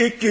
et que